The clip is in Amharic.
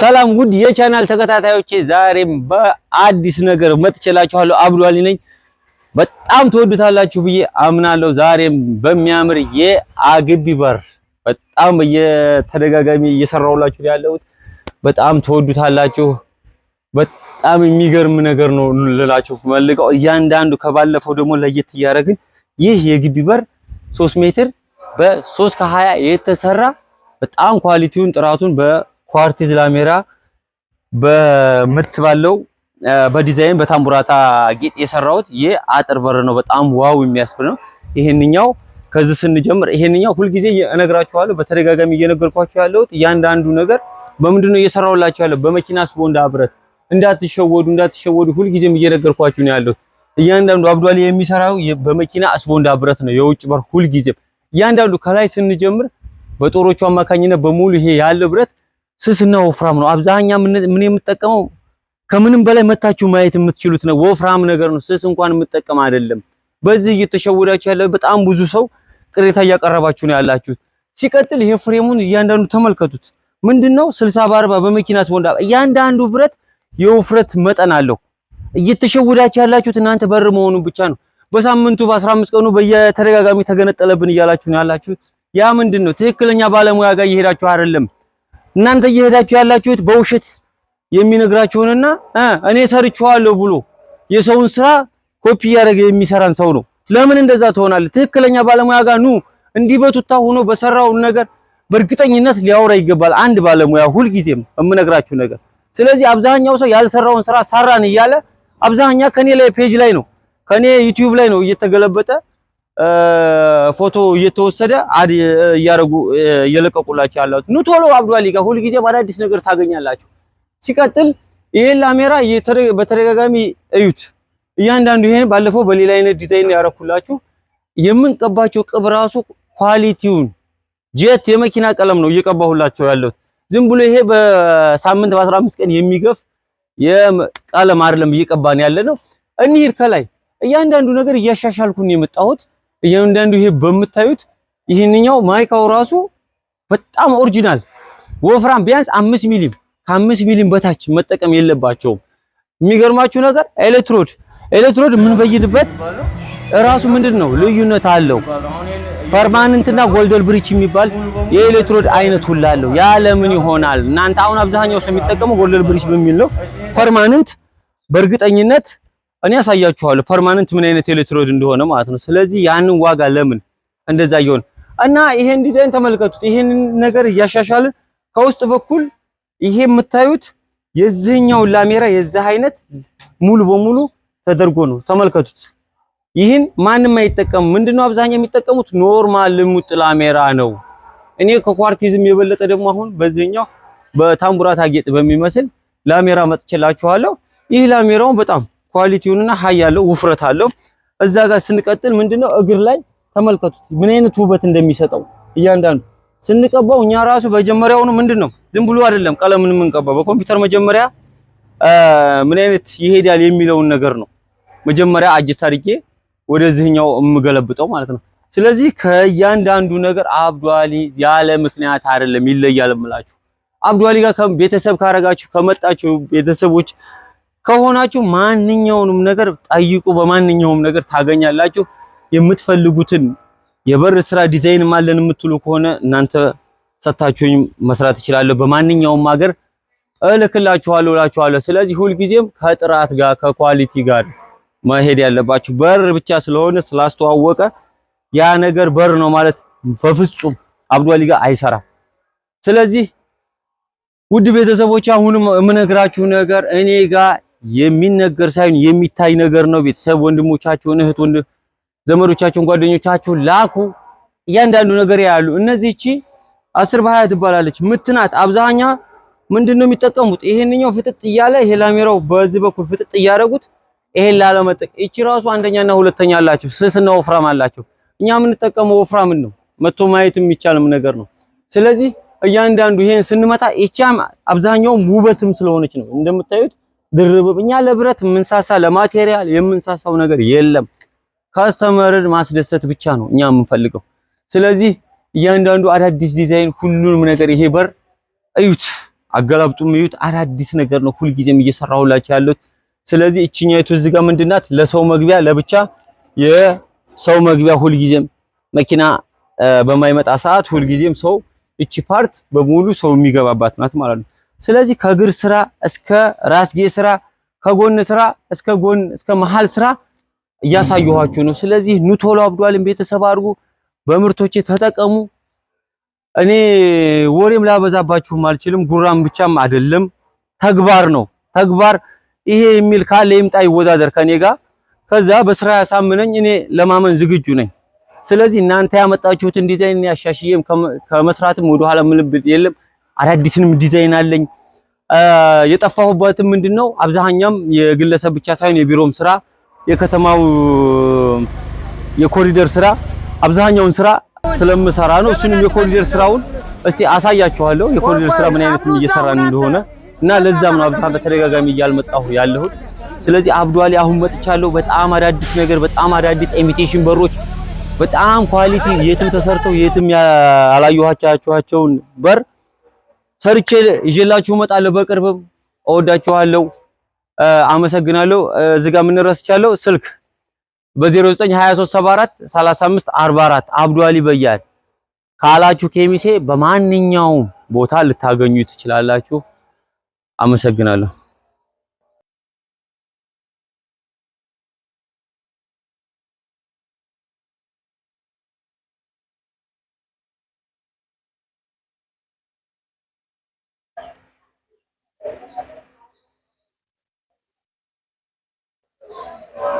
ሰላም ውድ የቻናል ተከታታዮቼ፣ ዛሬም በአዲስ ነገር መጥቼላችኋለሁ። አብዱ አሊ ነኝ። በጣም ትወዱታላችሁ ብዬ አምናለሁ። ዛሬም በሚያምር የአግቢ በር በጣም በየተደጋጋሚ እየሰራሁላችሁ ያለሁት በጣም ትወዱታላችሁ። በጣም የሚገርም ነገር ነው ልላችሁ ፈልገው እያንዳንዱ ከባለፈው ደግሞ ለየት እያደረግን ይህ የግቢ በር 3 ሜትር በ3 ከ20 የተሰራ በጣም ኳሊቲውን ጥራቱን በ ኳርቲዝ ላሜራ በምትባለው በዲዛይን በታምቡራታ ጌጥ የሰራሁት የአጥር በር ነው። በጣም ዋው የሚያስብል ነው ይሄንኛው። ከዚህ ስንጀምር ይሄንኛው ሁልጊዜ እነግራችኋለሁ፣ በተደጋጋሚ እየነገርኳችሁ ያለሁት እያንዳንዱ ነገር በምንድን ነው እየሰራሁላችሁ ያለሁት? በመኪና ስቦንዳ ብረት እንዳትሸወዱ እንዳትሸወዱ፣ ሁልጊዜም እየነገርኳችሁ ነው ያለሁት። እያንዳንዱ አብዱአሊ የሚሰራው በመኪና ስቦንዳ ብረት ነው። የውጭ በር ሁልጊዜም እያንዳንዱ ከላይ ስንጀምር በጦሮቹ አማካኝነት በሙሉ ይሄ ያለ ብረት ስስና ወፍራም ነው። አብዛኛ ምን የምጠቀመው ከምንም በላይ መታችሁ ማየት የምትችሉት ነው፣ ወፍራም ነገር ነው። ስስ እንኳን የምጠቀም አይደለም። በዚህ እየተሸወዳችሁ ያለ በጣም ብዙ ሰው ቅሬታ እያቀረባችሁ ነው ያላችሁት። ሲቀጥል ይሄ ፍሬሙን እያንዳንዱ ተመልከቱት። ምንድነው 60 በ40 በመኪና ስቦንዳ እያንዳንዱ ብረት የውፍረት መጠን አለው። እየተሸወዳችሁ ያላችሁት እናንተ በር መሆኑን ብቻ ነው። በሳምንቱ በ15 ቀኑ በየተደጋጋሚ ተገነጠለብን እያላችሁ ነው ያላችሁት። ያ ምንድነው ትክክለኛ ባለሙያ ጋር እየሄዳችሁ አይደለም። እናንተ እየሄዳችሁ ያላችሁት በውሸት የሚነግራችሁንና እኔ ሰርቼዋለሁ ብሎ የሰውን ስራ ኮፒ እያደረገ የሚሰራን ሰው ነው። ለምን እንደዛ ትሆናለህ? ትክክለኛ ባለሙያ ጋር ኑ። እንዲህ በቱታ ሆኖ በሰራውን ነገር በእርግጠኝነት ሊያወራ ይገባል አንድ ባለሙያ። ሁልጊዜም የምነግራችሁ ነገር። ስለዚህ አብዛኛው ሰው ያልሰራውን ስራ ሰራን እያለ አብዛኛ ከኔ ላይ ፔጅ ላይ ነው ከኔ ዩቲዩብ ላይ ነው እየተገለበጠ ፎቶ እየተወሰደ አድ እያደረጉ እየለቀቁላቸው ያላችሁ ኑ ቶሎ አብዱአሊ ጋር ሁል ጊዜ አዳዲስ ነገር ታገኛላችሁ። ሲቀጥል ይሄን ላሜራ በተደጋጋሚ እዩት። እያንዳንዱ ይሄን ባለፈው በሌላ አይነት ዲዛይን ያረኩላችሁ የምንቀባቸው ቅብ ራሱ ኳሊቲውን ጄት የመኪና ቀለም ነው እየቀባሁላቸው ያለሁት። ዝም ብሎ ይሄ በሳምንት በ15 ቀን የሚገፍ ቀለም አይደለም እየቀባን ያለ ነው። እንሂድ ከላይ እያንዳንዱ ነገር እያሻሻልኩን የመጣሁት እያንዳንዱ ይሄ በምታዩት ይህንኛው ማይካው ራሱ በጣም ኦሪጂናል ወፍራም ቢያንስ አምስት ሚሊም ከአምስት ሚሊም በታች መጠቀም የለባቸውም። የሚገርማችሁ ነገር ኤሌክትሮድ ኤሌክትሮድ የምንበይንበት ራሱ ምንድን ነው ልዩነት አለው። ፐርማንንትና ጎልደን ብሪች የሚባል የኤሌክትሮድ አይነት ሁላ አለው። ያ ለምን ይሆናል? እናንተ አሁን አብዛኛው ሰው የሚጠቀመው ጎልደን ብሪች በሚል ነው። ፐርማንንት በእርግጠኝነት እኔ ያሳያችኋለሁ ፐርማነንት ምን አይነት ኤሌክትሮድ እንደሆነ ማለት ነው። ስለዚህ ያንን ዋጋ ለምን እንደዛ ይሆን እና ይሄን ዲዛይን ተመልከቱት። ይሄን ነገር እያሻሻልን ከውስጥ በኩል ይሄ የምታዩት የዚህኛውን ላሜራ የዚህ አይነት ሙሉ በሙሉ ተደርጎ ነው። ተመልከቱት። ይህን ማንም አይጠቀም። ምንድነው አብዛኛው የሚጠቀሙት ኖርማል ልሙጥ ላሜራ ነው። እኔ ከኳርቲዝም የበለጠ ደግሞ አሁን በዚህኛው በታምቡራት አጌጥ በሚመስል ላሜራ መጥቼላችኋለሁ። ይህ ላሜራውን በጣም ኳሊቲውንና ሀይ ያለው ውፍረት አለው። እዛ ጋር ስንቀጥል ምንድነው እግር ላይ ተመልከቱት ምን አይነት ውበት እንደሚሰጠው እያንዳንዱ ስንቀባው እኛ ራሱ በመጀመሪያውኑ ምንድነው ዝም ብሎ አይደለም ቀለምን የምንቀባው በኮምፒውተር መጀመሪያ ምን አይነት ይሄዳል የሚለውን ነገር ነው መጀመሪያ አጅት አድርጌ ወደዚህኛው የምገለብጠው ማለት ነው። ስለዚህ ከእያንዳንዱ ነገር አብዱአሊ ያለ ምክንያት አይደለም ይለያል የምላችሁ። አብዱአሊ ጋር ቤተሰብ ካረጋችሁ ከመጣችሁ ቤተሰቦች ከሆናችሁ ማንኛውንም ነገር ጠይቁ። በማንኛውም ነገር ታገኛላችሁ። የምትፈልጉትን የበር ስራ ዲዛይን አለን የምትሉ ከሆነ እናንተ ሰታችሁኝ መስራት እችላለሁ በማንኛውም ሀገር እልክላችኋለሁ እላችኋለሁ። ስለዚህ ሁልጊዜም ከጥራት ጋር ከኳሊቲ ጋር መሄድ ያለባችሁ በር ብቻ ስለሆነ ስላስተዋወቀ ያ ነገር በር ነው ማለት በፍጹም አብዱአሊ ጋር አይሰራም። ስለዚህ ውድ ቤተሰቦች አሁንም የምነግራችሁ ነገር እኔ ጋር የሚነገር ሳይሆን የሚታይ ነገር ነው። ቤተሰብ ወንድሞቻቸውን፣ እህት ወንድ ዘመዶቻቸውን፣ ጓደኞቻችሁን ላኩ። እያንዳንዱ ነገር ያሉ እነዚህ እቺ አስር በሀያ ትባላለች ምትናት አብዛኛ ምንድን ነው የሚጠቀሙት? ይሄንኛው ፍጥጥ እያለ ይሄ ላሜራው በዚህ በኩል ፍጥጥ እያደረጉት ይሄን ላለመጠቅ እቺ ራሱ አንደኛና ሁለተኛ አላቸው። ስስና ወፍራም አላቸው። እኛ የምንጠቀመው ወፍራምን ነው። መቶ ማየት የሚቻልም ነገር ነው። ስለዚህ እያንዳንዱ ይሄን ስንመታ እቺም አብዛኛውም ውበትም ስለሆነች ነው እንደምታዩት ድርብ እኛ ለብረት የምንሳሳ ለማቴሪያል የምንሳሳው ነገር የለም። ካስተመርን ማስደሰት ብቻ ነው እኛ የምንፈልገው። ስለዚህ እያንዳንዱ አዳዲስ ዲዛይን ሁሉንም ነገር ይሄ በር እዩት፣ አገላብጡም እዩት፣ አዳዲስ ነገር ነው ሁልጊዜም እየሰራሁላችሁ ያለሁት። ስለዚህ እችኛይቱ እዚህ ጋር ምንድናት? ለሰው መግቢያ ለብቻ የሰው መግቢያ ሁልጊዜም መኪና በማይመጣ ሰዓት ሁልጊዜም ሰው እቺ ፓርት በሙሉ ሰው የሚገባባት ናት ማለት ነው። ስለዚህ ከእግር ስራ እስከ ራስጌ ስራ ከጎን ስራ እስከ ጎን እስከ መሃል ስራ እያሳየኋችሁ ነው። ስለዚህ ኑ ቶሎ አብዷልን ቤተሰብ አድርጉ፣ በምርቶቼ ተጠቀሙ። እኔ ወሬም ላበዛባችሁም አልችልም፣ ጉራም ብቻም አይደለም፣ ተግባር ነው ተግባር። ይሄ የሚል ካለ ይምጣ ይወዳደር ከኔ ጋር፣ ከዛ በስራ ያሳምነኝ። እኔ ለማመን ዝግጁ ነኝ። ስለዚህ እናንተ ያመጣችሁትን ዲዛይን ያሻሽዬም ከመስራትም ወደኋላ ምልብል የለም። አዳዲስንም ዲዛይን አለኝ። የጠፋሁበትም ምንድነው አብዛኛም የግለሰብ ብቻ ሳይሆን የቢሮም ስራ የከተማው የኮሪደር ስራ አብዛኛውን ስራ ስለምሰራ ነው። እሱንም የኮሪደር ስራውን እስቲ አሳያችኋለሁ። የኮሪደር ስራ ምን አይነት እየሰራን እንደሆነ እና ለዛም ነው አብዛኛው በተደጋጋሚ እያልመጣሁ ያለሁት። ስለዚህ አብዱ አሊ አሁን መጥቻለሁ። በጣም አዳዲስ ነገር፣ በጣም አዳዲስ ኢሚቴሽን በሮች፣ በጣም ኳሊቲ የትም ተሰርተው የትም ያላየኋቸውን በር ሰርቼ ይዤላችሁ እመጣለሁ። በቅርብ እወዳችኋለሁ። አመሰግናለሁ። እዚህ ጋር ምን ረስቻለሁ? ስልክ በ0923743544 አብዱ አሊ በያል ካላችሁ ኬሚሴ በማንኛውም ቦታ ልታገኙ ትችላላችሁ። አመሰግናለሁ። Thank you.